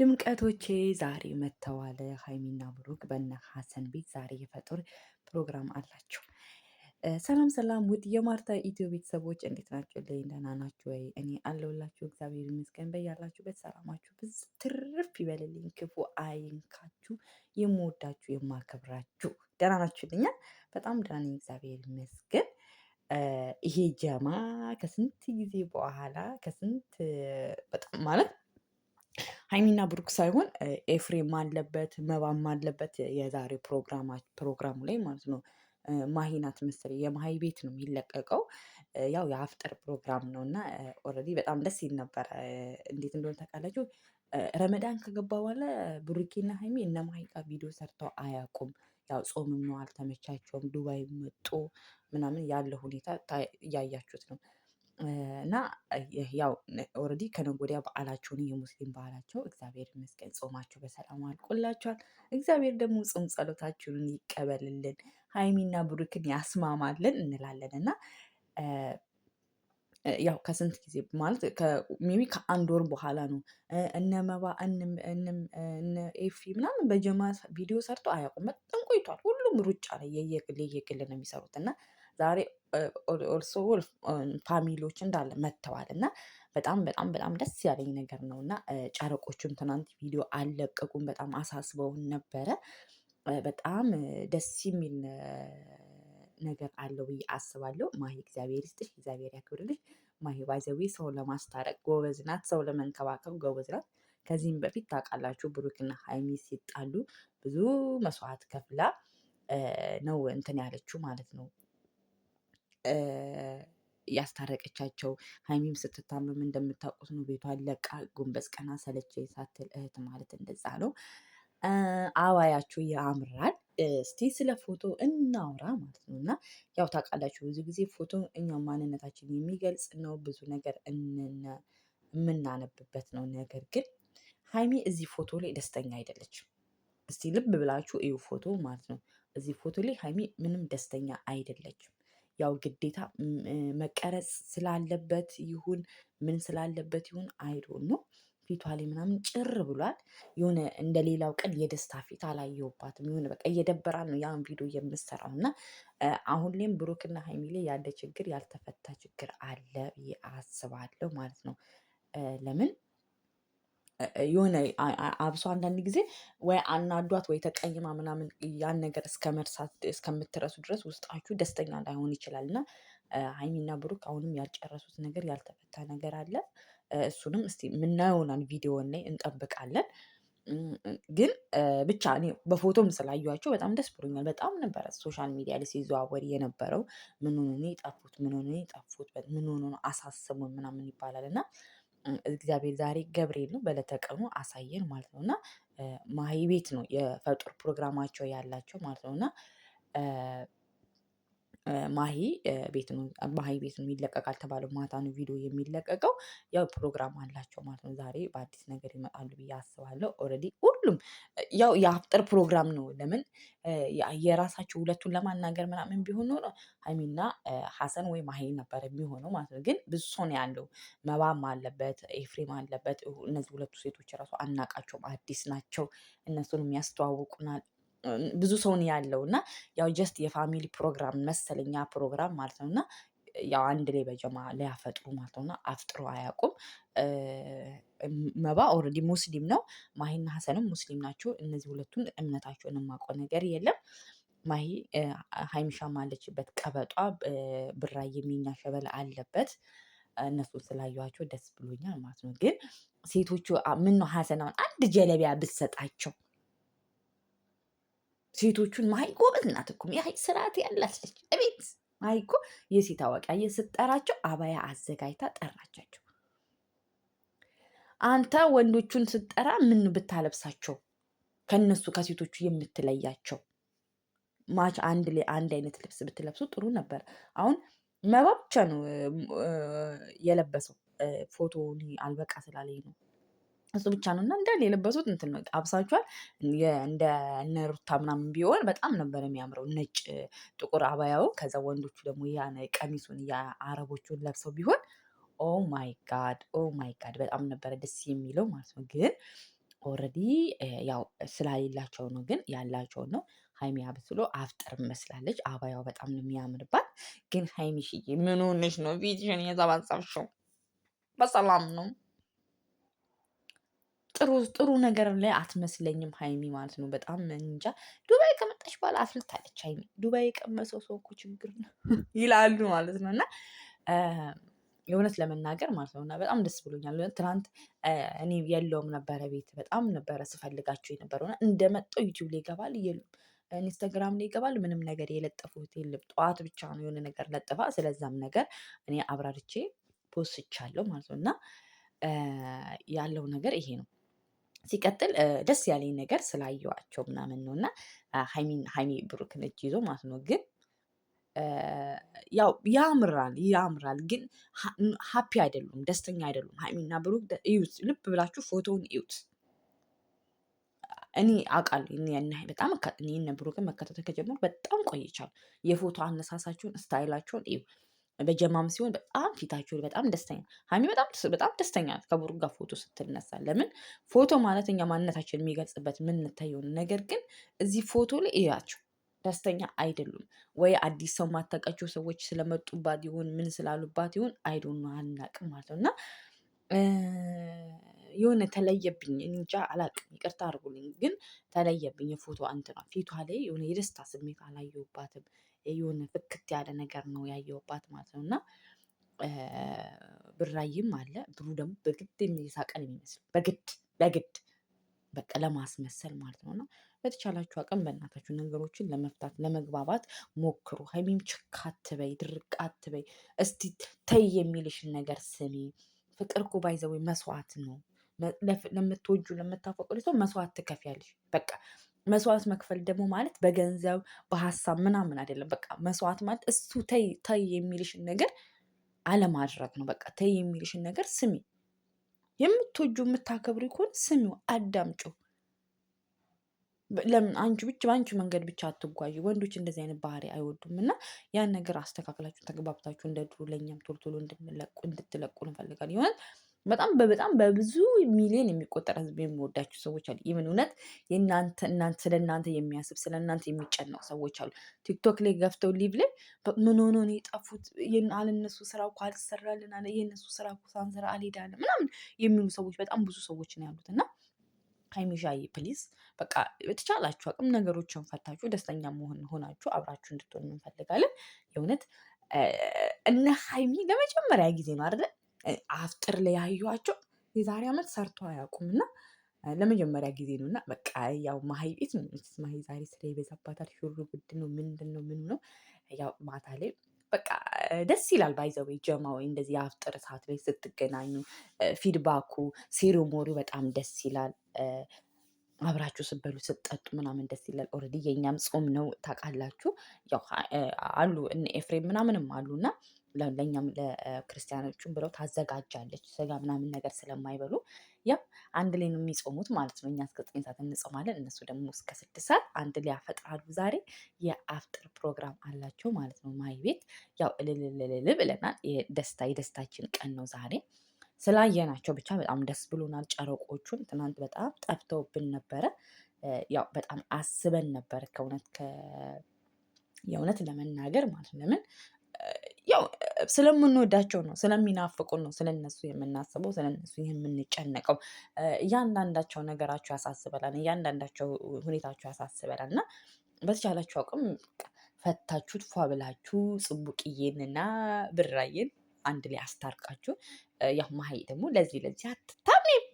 ድምቀቶቼ ዛሬ መጥተዋል። ሀይሚና ብሩክ በነ ሀሰን ቤት ዛሬ የፈጡር ፕሮግራም አላቸው። ሰላም ሰላም፣ ውድ የማርታ ኢትዮ ቤተሰቦች እንዴት ናቸው? ላይ ደህና ናችሁ ወይ? እኔ አለሁላችሁ። እግዚአብሔር ይመስገን። በያላችሁበት ሰላማችሁ ብዙ ትርፍ ይበልልኝ፣ ክፉ አይንካችሁ። የምወዳችሁ የማከብራችሁ፣ ደህና ናችሁልኛል? በጣም ደህና ነኝ፣ እግዚአብሔር ይመስገን። ይሄ ጀማ ከስንት ጊዜ በኋላ ከስንት በጣም ማለት ሀይሚና ብሩክ ሳይሆን ኤፍሬም አለበት፣ መባም አለበት። የዛሬ ፕሮግራሙ ላይ ማለት ነው። ማሂናት መሰለኝ የማሂ ቤት ነው የሚለቀቀው። ያው የአፍጠር ፕሮግራም ነው እና ኦልሬዲ በጣም ደስ ይል ነበረ። እንዴት እንደሆነ ታውቃላችሁ? ረመዳን ከገባ በኋላ ብሩኬና ሀይሚ እነ ማሂ ጋር ቪዲዮ ሰርተው አያውቁም። ያው ጾምም ነው አልተመቻቸውም። ዱባይ መጡ ምናምን ያለ ሁኔታ እያያችሁት ነው። እና ያው ኦልሬዲ ከነገ ወዲያ በዓላችሁን የሙስሊም በዓላቸው እግዚአብሔር ይመስገን ጾማችሁ በሰላም አልቆላችኋል። እግዚአብሔር ደግሞ ጾም ጸሎታችሁን ይቀበልልን፣ ሀይሚና ብሩክን ያስማማልን እንላለን እና ያው ከስንት ጊዜ ማለት ሜቢ ከአንድ ወር በኋላ ነው እነመባ ኤፊ ምናምን በጀማ ቪዲዮ ሰርቶ አያውቁም። በጣም ቆይቷል። ሁሉም ሩጫ ላይ የየግል የየግል ነው የሚሰሩት እና ዛሬ ኦልሶ ፋሚሊዎች እንዳለ መጥተዋል እና በጣም በጣም በጣም ደስ ያለኝ ነገር ነው እና ጨረቆቹም ትናንት ቪዲዮ አልለቀቁም። በጣም አሳስበውን ነበረ። በጣም ደስ የሚል ነገር አለው ብዬ አስባለሁ። ማሂ እግዚአብሔር ይስጥሽ፣ እግዚአብሔር ያክብርልሽ። ማሂ ባይዘዊ ሰው ለማስታረቅ ጎበዝ ናት፣ ሰው ለመንከባከብ ጎበዝ ናት። ከዚህም በፊት ታውቃላችሁ ብሩክና ሀይሚ ሲጣሉ ብዙ መስዋዕት ከፍላ ነው እንትን ያለችው ማለት ነው ያስታረቀቻቸው ሀይሚም ስትታመም እንደምታውቁት ነው። ቤቷን ለቃ ጎንበስ ቀና ሰለቸኝ ሳትል እህት ማለት እንደዛ ነው። አባያችሁ ያምራል። እስቲ ስለ ፎቶ እናውራ ማለት ነው። እና ያው ታውቃላችሁ ብዙ ጊዜ ፎቶ እኛ ማንነታችን የሚገልጽ ነው፣ ብዙ ነገር የምናነብበት ነው። ነገር ግን ሀይሚ እዚህ ፎቶ ላይ ደስተኛ አይደለችም። እስቲ ልብ ብላችሁ እዩ ፎቶ ማለት ነው። እዚህ ፎቶ ላይ ሀይሚ ምንም ደስተኛ አይደለችም። ያው ግዴታ መቀረጽ ስላለበት ይሁን ምን ስላለበት ይሁን አይዶን ነው። ፊቷ ላይ ምናምን ጭር ብሏል። የሆነ እንደሌላው ቀን የደስታ ፊት አላየሁባትም። የሆነ በቃ እየደበራ ነው ያን ቪዲዮ የምሰራው እና አሁን ላይም ብሩክና ሀይሚ ያለ ችግር ያልተፈታ ችግር አለ ብዬ አስባለሁ ማለት ነው። ለምን የሆነ አብሶ አንዳንድ ጊዜ ወይ አናዷት ወይ ተቀይማ ምናምን ያን ነገር እስከ መርሳት እስከምትረሱ ድረስ ውስጣችሁ ደስተኛ ላይሆን ይችላል እና ሀይሚና ብሩክ አሁንም ያልጨረሱት ነገር ያልተፈታ ነገር አለ። እሱንም እስቲ የምናየውናል ቪዲዮን ላይ እንጠብቃለን። ግን ብቻ እኔ በፎቶም ስላየኋቸው በጣም ደስ ብሎኛል። በጣም ነበረ ሶሻል ሚዲያ ላይ ሲዘዋወር የነበረው ምን ሆኖ ነው የጠፉት? ምን ሆኖ ነው የጠፉት? ምን ሆኖ ነው አሳስቡን ምናምን ይባላል እና እግዚአብሔር ዛሬ ገብርኤል ነው በዕለተ አሳየን ማለት ነው እና ቤት ነው የፈጡር ፕሮግራማቸው ያላቸው ማለት ነው እና ማሂ ቤት ነው ማሂ ቤት ነው ይለቀቃል ተባለው ማታ ነው ቪዲዮ የሚለቀቀው። ያው ፕሮግራም አላቸው ማለት ነው። ዛሬ በአዲስ ነገር ይመጣሉ ብዬ አስባለሁ። ኦልሬዲ ሁሉም ያው የአፍጥር ፕሮግራም ነው። ለምን የራሳቸው ሁለቱን ለማናገር ምናምን ቢሆን ኖሮ ሀይሚና ሀሰን ወይ ማሂ ነበር የሚሆነው ማለት ነው። ግን ብዙ ሰው ነው ያለው። መባም አለበት፣ ኤፍሬም አለበት። እነዚህ ሁለቱ ሴቶች ራሱ አናቃቸውም፣ አዲስ ናቸው። እነሱን የሚያስተዋውቁናል ብዙ ሰውን ያለው እና ያው ጀስት የፋሚሊ ፕሮግራም መሰለኛ ፕሮግራም ማለት ነው እና ያው አንድ ላይ በጀማ ሊያፈጥሩ ማለት እና አፍጥሮ አያውቁም። መባ ኦልሬዲ ሙስሊም ነው። ማሂና ሀሰንም ሙስሊም ናቸው። እነዚህ ሁለቱን እምነታቸውን የማውቀው ነገር የለም። ማሂ ሀይሚሻ ማለችበት ቀበጧ ብራ የሚኛ ሸበላ አለበት። እነሱ ስላዩቸው ደስ ብሎኛል ማለት ነው። ግን ሴቶቹ ምን ነው ሀሰናውን አንድ ጀለቢያ ብትሰጣቸው ሴቶቹን ማይ ጎበዝ ናት እኮ ስርዓት ያላት ልጅ እቤት ማይ እኮ የሴት አዋቂ አየህ፣ ስትጠራቸው አባያ አዘጋጅታ ጠራቻቸው። አንተ ወንዶቹን ስትጠራ ምን ብታለብሳቸው ከነሱ ከሴቶቹ የምትለያቸው ማች አንድ ላይ አንድ አይነት ልብስ ብትለብሱ ጥሩ ነበር። አሁን መባ ብቻ ነው የለበሰው። ፎቶ አልበቃ ስላለኝ ነው። እሱ ብቻ ነው እና እንዳል የለበሱት እንትን ነው አብሳችኋል። እንደ ነሩታ ምናምን ቢሆን በጣም ነበር የሚያምረው ነጭ ጥቁር አባያው። ከዛ ወንዶቹ ደግሞ ያነ ቀሚሱን የአረቦቹን አረቦቹን ለብሰው ቢሆን ኦ ማይ ጋድ ኦ ማይ ጋድ በጣም ነበረ ደስ የሚለው ማለት ነው። ግን ኦልሬዲ ያው ስላሌላቸው ነው፣ ግን ያላቸው ነው። ሀይሚ አብስሎ አፍጠር መስላለች። አባያው በጣም ነው የሚያምርባት። ግን ሀይሚሽዬ ምን ሆነሽ ነው ቪዲዮን የዛባዛብሽው? በሰላም ነው ጥሩ ጥሩ ነገር ላይ አትመስለኝም ሀይሚ ማለት ነው። በጣም እንጃ። ዱባይ ከመጣች በኋላ አፍልታለች ሀይሚ። ዱባይ የቀመሰው ሰው እኮ ችግር ነው ይላሉ ማለት ነው እና የእውነት ለመናገር ማለት ነው እና በጣም ደስ ብሎኛል። ትናንት እኔ የለውም ነበረ ቤት በጣም ነበረ ስፈልጋቸው የነበረው እንደመጣው ዩቲዩብ ላይ ይገባል ኢንስታግራም ላይ ይገባል። ምንም ነገር የለጠፉት የለም። ጠዋት ብቻ ነው የሆነ ነገር ለጥፋ። ስለዛም ነገር እኔ አብራርቼ ፖስቻለሁ ማለት ነው እና ያለው ነገር ይሄ ነው። ሲቀጥል ደስ ያለኝ ነገር ስላየዋቸው ምናምን ነው እና ሀይሚን ሀይሚ ብሩክን እጅ ይዞ ማለት ነው ግን ያው ያምራል ያምራል፣ ግን ሀፒ አይደሉም፣ ደስተኛ አይደሉም። ሀይሚና ብሩክ እዩት፣ ልብ ብላችሁ ፎቶውን እዩት። እኔ አውቃለሁ በጣም እኔ ብሩክን መከታተል ከጀመሩ በጣም ቆይቻል። የፎቶ አነሳሳቸውን ስታይላቸውን እዩ። በጀማም ሲሆን በጣም ፊታቸውን በጣም ደስተኛ ሀሚ በጣም ደስተኛ ናት ጋር ፎቶ ስትነሳ። ለምን ፎቶ ማለት እኛ ማንነታችን የሚገልጽበት የምንታየውን ነገር ግን እዚህ ፎቶ ላይ እያቸው ደስተኛ አይደሉም ወይ አዲስ ሰው ማታውቃቸው ሰዎች ስለመጡባት ይሁን ምን ስላሉባት ይሁን አይዶን አናውቅም ማለት ነው እና የሆነ ተለየብኝ። እንጃ አላውቅም፣ ይቅርታ አድርጉልኝ። ግን ተለየብኝ ፎቶ አንትና ፊቷ ላይ የሆነ የደስታ ስሜት አላየሁባትም። የሆነ ፍክት ያለ ነገር ነው ያየውባት ማለት ነው። እና ብራይም አለ ብሩ ደግሞ በግድ የሚሳቀን የሚመስል በግድ በግድ በቃ ለማስመሰል ማለት ነው። እና በተቻላችሁ አቅም በእናታችሁ ነገሮችን ለመፍታት ለመግባባት ሞክሩ። ሀይሚም ችክ አትበይ፣ ድርቅ አትበይ። እስቲ ተይ የሚልሽን ነገር ስሚ። ፍቅር እኮ ባይዘዌ መስዋዕት ነው። ለምትወጁ ለምታፈቅዱ ሰው መስዋዕት ትከፍያለሽ። በቃ መስዋዕት መክፈል ደግሞ ማለት በገንዘብ በሀሳብ ምናምን አይደለም። በቃ መስዋዕት ማለት እሱ ተይ ተይ የሚልሽን ነገር አለማድረግ ነው። በቃ ተይ የሚልሽን ነገር ስሚ። የምትወጁ የምታከብሪ ከሆነ ስሚው፣ አዳምጩ። ለምን አንቺ ብቻ በአንቺ መንገድ ብቻ አትጓዩ። ወንዶች እንደዚህ አይነት ባህሪ አይወዱም እና ያን ነገር አስተካክላችሁ ተግባብታችሁ እንደ ድሮ ለእኛም ቶሎ ቶሎ እንድትለቁ እንፈልጋለን ይሆናል። በጣም በጣም በብዙ ሚሊዮን የሚቆጠር ህዝብ የሚወዳችሁ ሰዎች አሉ። ይህምን እውነት የእናንተ እናንተ ስለ እናንተ የሚያስብ ስለ እናንተ የሚጨነቅ ሰዎች አሉ። ቲክቶክ ላይ ገፍተው ሊቭ ላይ ምን ሆኖ ነው የጠፉት? አለነሱ ስራ እኮ አልሰራልን አለ ስራ እኮ ሳንሰራ አልሄዳለ ምናምን የሚሉ ሰዎች በጣም ብዙ ሰዎች ነው ያሉት እና ሀይሚሻዬ ፕሊዝ በቃ በተቻላችሁ አቅም ነገሮችን ፈታችሁ ደስተኛ መሆን ሆናችሁ አብራችሁ እንድትሆኑ እንፈልጋለን። የእውነት እነ ሀይሚ ለመጀመሪያ ጊዜ ነው አይደለ አፍጥር ላይ ያዩቸው የዛሬ ዓመት ሰርቶ አያውቁም እና ለመጀመሪያ ጊዜ ነው እና በቃ ያው ማሀይ ቤት ነው ማሀይ ዛሬ ስራ ይበዛባታል። ሹሩ ጉድ ነው ምንድን ነው ምን ነው ያው ማታ ላይ በቃ ደስ ይላል። ባይዘዌ ጀማ ወይ እንደዚህ የአፍጥር ሰዓት ላይ ስትገናኙ ፊድባኩ ሴሪሞኒው በጣም ደስ ይላል። አብራችሁ ስበሉ ስጠጡ ምናምን ደስ ይላል። ኦልሬዲ የእኛም ጾም ነው ታውቃላችሁ። ያው አሉ እነ ኤፍሬም ምናምንም አሉ እና ለእኛም ለክርስቲያኖቹም ብለው ታዘጋጃለች። ስጋ ምናምን ነገር ስለማይበሉ ያው አንድ ላይ ነው የሚጾሙት ማለት ነው። እኛ እስከ ዘጠኝ ሰዓት እንጾማለን፣ እነሱ ደግሞ እስከ ስድስት ሰዓት አንድ ላይ ያፈጥራሉ። ዛሬ የአፍጥር ፕሮግራም አላቸው ማለት ነው። ማይ ቤት ያው እልልልልል ብለናል። የደስታ የደስታችን ቀን ነው ዛሬ። ስላየናቸው ብቻ በጣም ደስ ብሎናል። ጨረቆቹን ትናንት በጣም ጠፍተውብን ነበረ። ያው በጣም አስበን ነበረ ከእውነት የእውነት ለመናገር ማለት ለምን ያው ስለምንወዳቸው ነው፣ ስለሚናፍቁን ነው። ስለነሱ የምናስበው ስለነሱ የምንጨነቀው። እያንዳንዳቸው ነገራቸው ያሳስበላል፣ እያንዳንዳቸው ሁኔታቸው ያሳስበላል። እና በተቻላችሁ አቅም ፈታችሁት ፏ ብላችሁ ጽቡቅዬንና ብራዬን አንድ ላይ አስታርቃችሁ ያው መሀይ ደግሞ ለዚህ ለዚህ አትታሚም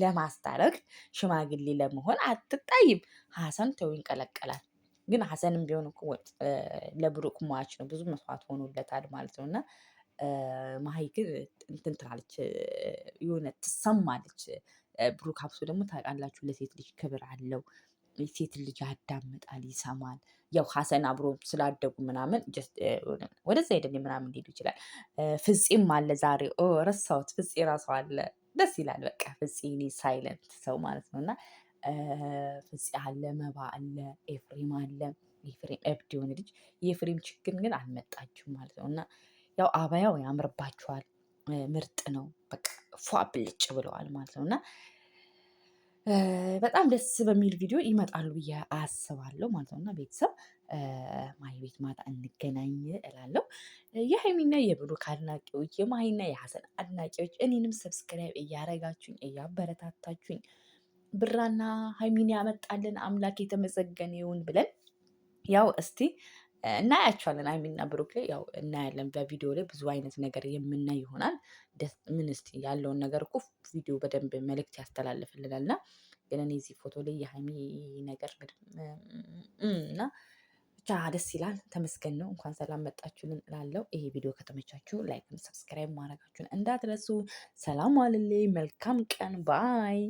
ለማስታረቅ ሽማግሌ ለመሆን አትጣይም። ሀሰን ተው ይንቀለቀላል። ግን ሀሰንም ቢሆን እኮ ለብሩክ ሟች ነው፣ ብዙ መስዋዕት ሆኖለታል ማለት ነው እና መሀይ ግን እንትን ትላለች፣ የሆነ ትሰማለች። ብሩክ ሀብሶ ደግሞ ታውቃላችሁ፣ ለሴት ልጅ ክብር አለው። ሴት ልጅ ያዳምጣል፣ ይሰማል። ያው ሀሰን አብሮ ስላደጉ ምናምን ወደዛ ሄደን ምናምን ሊሄዱ ይችላል። ፍጼም አለ ዛሬ ረሳሁት፣ ፍጼ ራሱ አለ። ደስ ይላል። በቃ ፍጼ ሳይለንት ሰው ማለት ነው እና ፍፄ አለ፣ መባ አለ፣ ኤፍሬም አለ። ኤፍሬም እብድ የሆነ ልጅ የኤፍሬም ችግር ግን አልመጣችም ማለት ነው። እና ያው አባያው ያምርባቸዋል፣ ምርጥ ነው። በቃ ፏ ብልጭ ብለዋል ማለት ነው እና በጣም ደስ በሚል ቪዲዮ ይመጣሉ ብዬ አስባለሁ ማለት ነው እና ቤተሰብ ማይ ቤት ማታ እንገናኝ እላለሁ። የሀይሚና የብሩክ አድናቂዎች፣ የማይና የሀሰን አድናቂዎች እኔንም ሰብስክራይብ እያረጋችሁኝ እያበረታታችሁኝ ብራና ሀይሚን ያመጣልን አምላክ የተመሰገነ ይሁን ብለን ያው እስቲ እናያቸዋለን። ሀይሚና ብሩክ ላይ ያው እናያለን። በቪዲዮ ላይ ብዙ አይነት ነገር የምናይ ይሆናል። ምን እስቲ ያለውን ነገር እኮ ቪዲዮ በደንብ መልእክት ያስተላልፍልናል። እና ግን እኔ እዚህ ፎቶ ላይ የሀይሚ ነገር እና ብቻ ደስ ይላል። ተመስገን ነው። እንኳን ሰላም መጣችሁልን እላለሁ። ይሄ ቪዲዮ ከተመቻችሁ ላይክ፣ ሰብስክራይብ ማድረጋችሁን እንዳትረሱ። ሰላም አልልኝ። መልካም ቀን ባይ